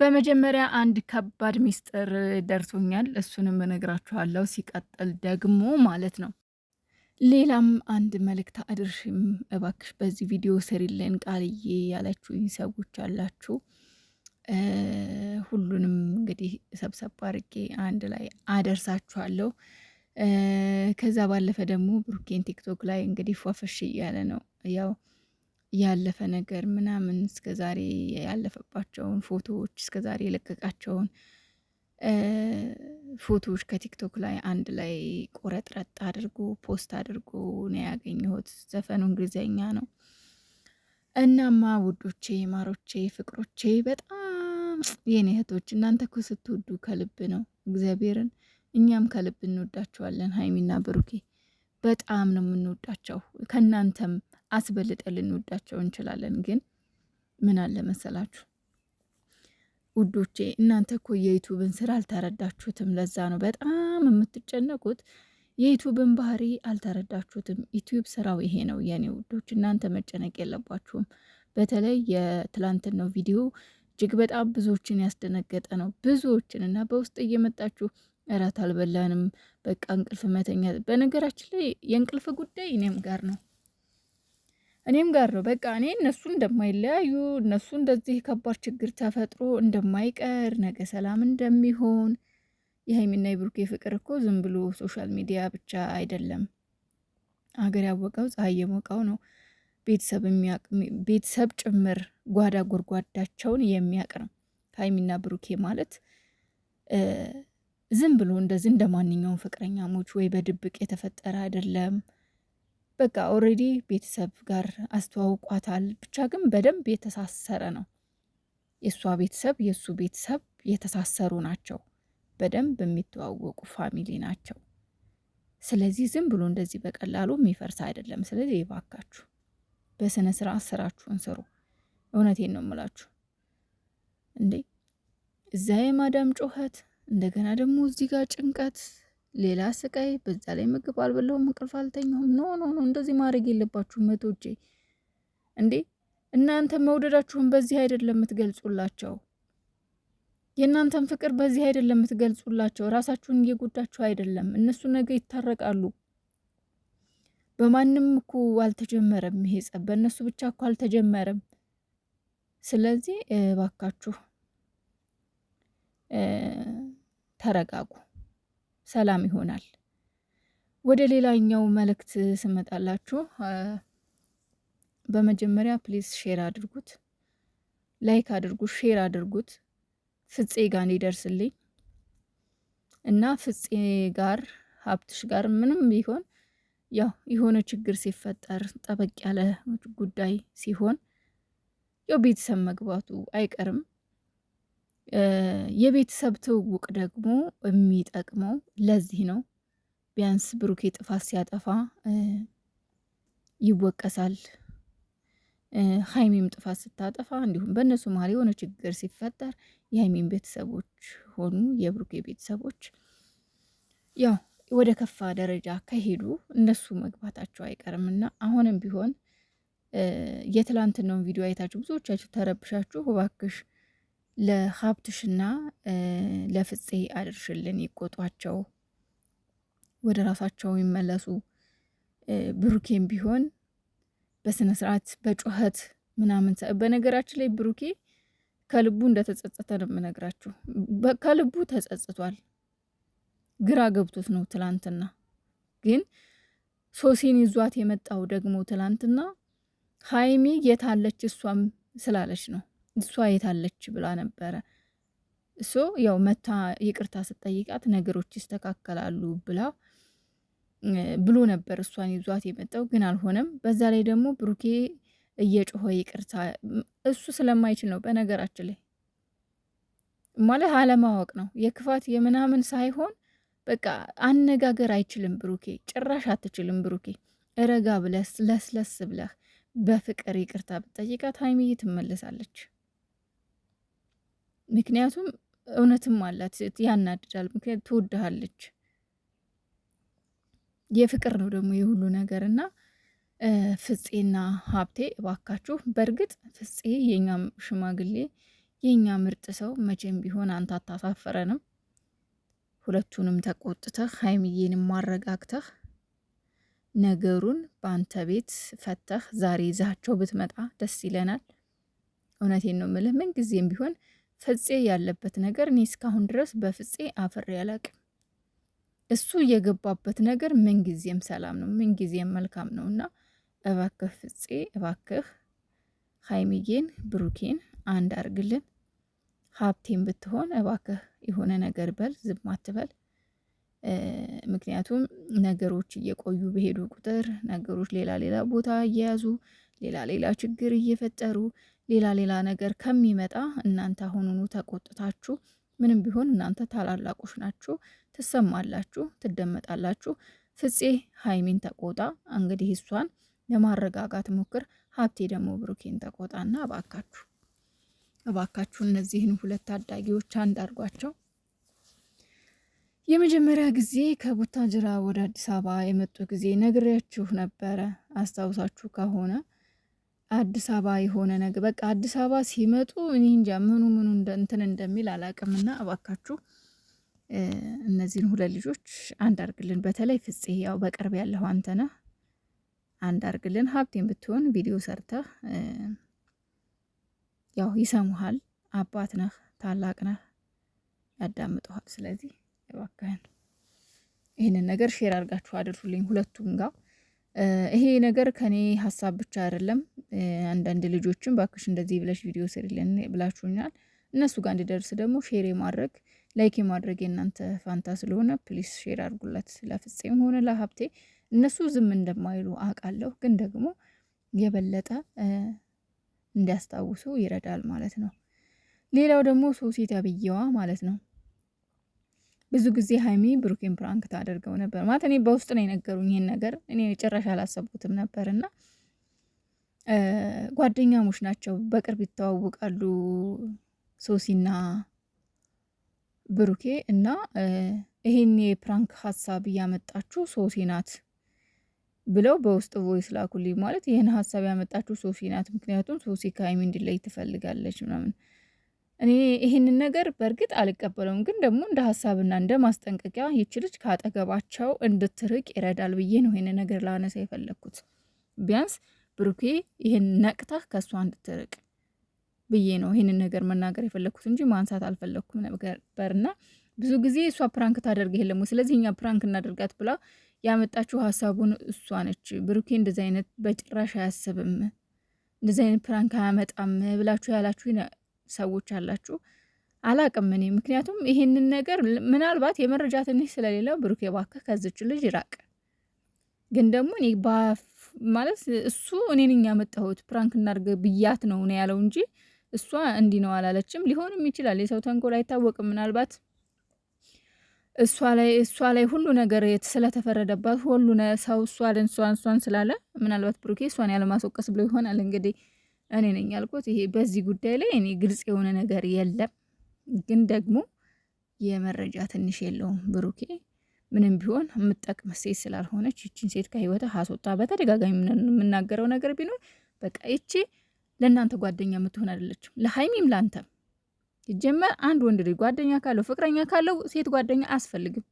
በመጀመሪያ አንድ ከባድ ሚስጥር ደርሶኛል፣ እሱንም እነግራችኋለሁ። ሲቀጥል ደግሞ ማለት ነው ሌላም አንድ መልእክት አድርሽም እባክሽ በዚህ ቪዲዮ ስሪልን ቃልዬ ያላችሁኝ ሰዎች አላችሁ። ሁሉንም እንግዲህ ሰብሰብ አድርጌ አንድ ላይ አደርሳችኋለሁ። ከዛ ባለፈ ደግሞ ብሩኬን ቲክቶክ ላይ እንግዲህ ፏፈሽ እያለ ነው ያው ያለፈ ነገር ምናምን እስከዛሬ ያለፈባቸውን ፎቶዎች እስከዛሬ የለቀቃቸውን ፎቶዎች ከቲክቶክ ላይ አንድ ላይ ቆረጥረጥ አድርጎ ፖስት አድርጎ ነው ያገኘሁት። ዘፈኑ እንግሊዝኛ ነው። እናማ ውዶቼ፣ ማሮቼ፣ ፍቅሮቼ በጣም የኔ እህቶች እናንተ እኮ ስትወዱ ከልብ ነው እግዚአብሔርን። እኛም ከልብ እንወዳቸዋለን። ሀይሚና ብሩኬ በጣም ነው የምንወዳቸው ከእናንተም አስበልጠን ልንወዳቸው እንችላለን። ግን ምን አለ መሰላችሁ ውዶቼ፣ እናንተ እኮ የዩቱብን ስራ አልተረዳችሁትም። ለዛ ነው በጣም የምትጨነቁት። የዩቱብን ባህሪ አልተረዳችሁትም። ዩቱብ ስራው ይሄ ነው የኔ ውዶች፣ እናንተ መጨነቅ የለባችሁም። በተለይ የትላንትናው ቪዲዮ እጅግ በጣም ብዙዎችን ያስደነገጠ ነው። ብዙዎችን እና በውስጥ እየመጣችሁ እራት አልበላንም፣ በቃ እንቅልፍ መተኛ። በነገራችን ላይ የእንቅልፍ ጉዳይ እኔም ጋር ነው። እኔም ጋር ነው። በቃ እኔ እነሱ እንደማይለያዩ እነሱ እንደዚህ ከባድ ችግር ተፈጥሮ እንደማይቀር ነገ ሰላም እንደሚሆን የሀይሚና የብሩኬ ፍቅር እኮ ዝም ብሎ ሶሻል ሚዲያ ብቻ አይደለም። አገር ያወቀው ፀሐይ የሞቀው ነው። ቤተሰብ ጭምር ጓዳ ጎርጓዳቸውን የሚያቅ ነው። ሀይሚና ብሩኬ ማለት ዝም ብሎ እንደዚህ እንደ ማንኛውም ፍቅረኛሞች ወይ በድብቅ የተፈጠረ አይደለም። በቃ ኦልሬዲ ቤተሰብ ጋር አስተዋውቋታል። ብቻ ግን በደንብ የተሳሰረ ነው። የእሷ ቤተሰብ የእሱ ቤተሰብ የተሳሰሩ ናቸው። በደንብ የሚተዋወቁ ፋሚሊ ናቸው። ስለዚህ ዝም ብሎ እንደዚህ በቀላሉ የሚፈርስ አይደለም። ስለዚህ የባካችሁ በስነ ስርዓት ስራችሁን ስሩ። እውነቴን ነው የምላችሁ። እንዴ እዛ የማዳም ጩኸት እንደገና ደግሞ እዚህ ጋር ጭንቀት ሌላ ስቃይ፣ በዛ ላይ ምግብ አልበላሁም፣ እንቅልፍ አልተኛሁም። ኖ ኖ ኖ፣ እንደዚህ ማድረግ የለባችሁም መቶቼ እንዴ እናንተ መውደዳችሁን በዚህ አይደለም የምትገልጹላቸው፣ የእናንተን ፍቅር በዚህ አይደለም የምትገልጹላቸው። ራሳችሁን እየጎዳችሁ አይደለም። እነሱ ነገ ይታረቃሉ። በማንም እኮ አልተጀመረም ይሄ ጸብ፣ በእነሱ ብቻ እኮ አልተጀመረም። ስለዚህ እባካችሁ ተረጋጉ። ሰላም ይሆናል። ወደ ሌላኛው መልእክት ስመጣላችሁ በመጀመሪያ ፕሊዝ ሼር አድርጉት፣ ላይክ አድርጉት፣ ሼር አድርጉት ፍፄ ጋር እንዲደርስልኝ እና ፍፄ ጋር ሀብትሽ ጋር ምንም ቢሆን ያው የሆነ ችግር ሲፈጠር ጠበቅ ያለ ጉዳይ ሲሆን ያው ቤተሰብ መግባቱ አይቀርም። የቤተሰብ ትውውቅ ደግሞ የሚጠቅመው ለዚህ ነው። ቢያንስ ብሩኬ ጥፋት ሲያጠፋ ይወቀሳል። ሀይሚም ጥፋት ስታጠፋ እንዲሁም በእነሱ መሀል የሆነ ችግር ሲፈጠር የሀይሚም ቤተሰቦች ሆኑ የብሩኬ ቤተሰቦች ያው ወደ ከፋ ደረጃ ከሄዱ እነሱ መግባታቸው አይቀርም እና አሁንም ቢሆን የትላንትናውን ቪዲዮ አይታችሁ ብዙዎቻችሁ ተረብሻችሁ እባክሽ ለሀብትሽና ለፍፄ አድርሽልን፣ ይቆጧቸው፣ ወደ ራሳቸው ይመለሱ። ብሩኬም ቢሆን በስነ ስርዓት በጩኸት ምናምን። በነገራችን ላይ ብሩኬ ከልቡ እንደተጸጸተ ነው የምነግራችሁ። ከልቡ ተጸጽቷል፣ ግራ ገብቶት ነው። ትላንትና ግን ሶሲን ይዟት የመጣው ደግሞ ትላንትና ሀይሚ የታለች እሷም ስላለች ነው። እሷ የታለች ብላ ነበረ። እሶ ያው መታ ይቅርታ ስጠይቃት ነገሮች ይስተካከላሉ ብላ ብሎ ነበር እሷን ይዟት የመጣው ግን አልሆነም። በዛ ላይ ደግሞ ብሩኬ እየጮኸ ይቅርታ እሱ ስለማይችል ነው። በነገራችን ላይ ማለት አለማወቅ ነው የክፋት የምናምን ሳይሆን በቃ አነጋገር አይችልም ብሩኬ፣ ጭራሽ አትችልም ብሩኬ። እረጋ ብለህ ለስለስ ብለህ በፍቅር ይቅርታ ብጠይቃት ሀይሚዬ ትመለሳለች። ምክንያቱም እውነትም አላት፣ ያናድዳል። ምክንያቱም ትወድሃለች። የፍቅር ነው ደግሞ የሁሉ ነገር እና ፍፄና ሀብቴ እባካችሁ። በእርግጥ ፍፄ የኛ ሽማግሌ የኛ ምርጥ ሰው መቼም ቢሆን አንተ አታሳፈረንም። ሁለቱንም ተቆጥተህ ሀይምዬንም ማረጋግተህ ነገሩን በአንተ ቤት ፈተህ ዛሬ ይዛቸው ብትመጣ ደስ ይለናል። እውነቴን ነው ምልህ ምንጊዜም ቢሆን ፍፄ ያለበት ነገር እኔ እስካሁን ድረስ በፍፄ አፍሬ አላቅም። እሱ የገባበት ነገር ምንጊዜም ሰላም ነው፣ ምንጊዜም መልካም ነው እና እባክህ ፍፄ እባክህ ሀይሚዬን ብሩኬን አንድ አርግልን። ሀብቴን ብትሆን እባክህ የሆነ ነገር በል፣ ዝም አትበል። ምክንያቱም ነገሮች እየቆዩ በሄዱ ቁጥር ነገሮች ሌላ ሌላ ቦታ እየያዙ ሌላ ሌላ ችግር እየፈጠሩ ሌላ ሌላ ነገር ከሚመጣ እናንተ አሁኑኑ ተቆጥታችሁ ምንም ቢሆን እናንተ ታላላቆች ናችሁ፣ ትሰማላችሁ፣ ትደመጣላችሁ። ፍፄ ሀይሚን ተቆጣ። እንግዲህ እሷን ለማረጋጋት ሞክር። ሀብቴ ደግሞ ብሩኬን ተቆጣና እባካችሁ እባካችሁ እነዚህን ሁለት ታዳጊዎች አንድ አድርጓቸው። የመጀመሪያ ጊዜ ከቡታጅራ ወደ አዲስ አበባ የመጡ ጊዜ ነግሬያችሁ ነበረ፣ አስታውሳችሁ ከሆነ አዲስ አበባ የሆነ ነገር በቃ አዲስ አበባ ሲመጡ እኔ እንጃ ምኑ ምኑ እንትን እንደሚል አላቅምና እባካችሁ እነዚህን ሁለት ልጆች አንድ አርግልን። በተለይ ፍጽ ያው በቅርብ ያለሁ አንተ አንድ አርግልን። ሀብቴን ብትሆን ቪዲዮ ሰርተህ ያው ይሰሙሃል። አባት ነህ፣ ታላቅ ነህ፣ ያዳምጠዋል ስለዚህ እባክህን ይህንን ነገር ሼር አድርጋችሁ አድርሱልኝ ሁለቱም ጋር ይሄ ነገር ከኔ ሀሳብ ብቻ አይደለም። አንዳንድ ልጆችም ባክሽ እንደዚህ ብለሽ ቪዲዮ ስሪልን ብላችሁኛል። እነሱ ጋር እንዲደርስ ደግሞ ሼር የማድረግ ላይክ የማድረግ የእናንተ ፋንታ ስለሆነ ፕሊስ ሼር አድርጉለት። ለፍጼም ሆነ ለሀብቴ እነሱ ዝም እንደማይሉ አውቃለሁ፣ ግን ደግሞ የበለጠ እንዲያስታውሱ ይረዳል ማለት ነው። ሌላው ደግሞ ሶሴት አብየዋ ማለት ነው ብዙ ጊዜ ሀይሚ ብሩኬን ፕራንክ ታደርገው ነበር ማለት እኔ በውስጥ ነው የነገሩኝ ይህን ነገር እኔ ጭራሽ አላሰብኩትም እና ጓደኛሞች ናቸው፣ በቅርብ ይተዋወቃሉ ሶሲና ብሩኬ እና ይሄን የፕራንክ ሀሳብ እያመጣችሁ ሶሲ ናት ብለው በውስጥ ቮይስ ላኩልኝ። ማለት ይህን ሀሳብ ያመጣችሁ ሶሲ ናት፣ ምክንያቱም ሶሲ ከሀይሚ እንዲለይ ትፈልጋለች ምናምን እኔ ይህንን ነገር በእርግጥ አልቀበለውም፣ ግን ደግሞ እንደ ሀሳብና እንደ ማስጠንቀቂያ ይች ልጅ ከአጠገባቸው እንድትርቅ ይረዳል ብዬ ነው ይህን ነገር ላነሳ የፈለግኩት። ቢያንስ ብሩኬ ይህን ነቅታህ ከእሷ እንድትርቅ ብዬ ነው ይህንን ነገር መናገር የፈለግኩት እንጂ ማንሳት አልፈለግኩም ነበርና ብዙ ጊዜ እሷ ፕራንክ ታደርግ የለም ስለዚህ እኛ ፕራንክ እናደርጋት ብላ ያመጣችው ሀሳቡን እሷ ነች። ብሩኬ እንደዚህ አይነት በጭራሽ አያስብም እንደዚህ አይነት ፕራንክ አያመጣም ብላችሁ ያላችሁ ሰዎች አላችሁ። አላቅም እኔ ምክንያቱም ይሄንን ነገር ምናልባት የመረጃ ትንሽ ስለሌለው ብሩክ የባክህ ከዝች ልጅ ይራቅ። ግን ደግሞ እኔ ባፍ ማለት እሱ እኔን ያመጣሁት ፕራንክ እናድርግ ብያት ነው ነው ያለው እንጂ እሷ እንዲህ ነው አላለችም። ሊሆንም ይችላል የሰው ተንኮል አይታወቅም። ምናልባት እሷ ላይ እሷ ላይ ሁሉ ነገር ስለተፈረደባት ሁሉ ሰው እሷን እሷን እሷን ስላለ ምናልባት ብሩኬ እሷን ያለማስወቀስ ብሎ ይሆናል እንግዲህ እኔ ነኝ ያልኩት። ይሄ በዚህ ጉዳይ ላይ እኔ ግልጽ የሆነ ነገር የለም፣ ግን ደግሞ የመረጃ ትንሽ የለውም ብሩኬ ምንም ቢሆን የምጠቅም ሴት ስላልሆነች ይችን ሴት ከህይወት አስወጣ። በተደጋጋሚ የምናገረው ነገር ቢኖር በቃ ይቺ ለእናንተ ጓደኛ የምትሆን አይደለችም፣ ለሀይሚም ለአንተም። ይጀመር አንድ ወንድ ልጅ ጓደኛ ካለው ፍቅረኛ ካለው ሴት ጓደኛ አያስፈልግም።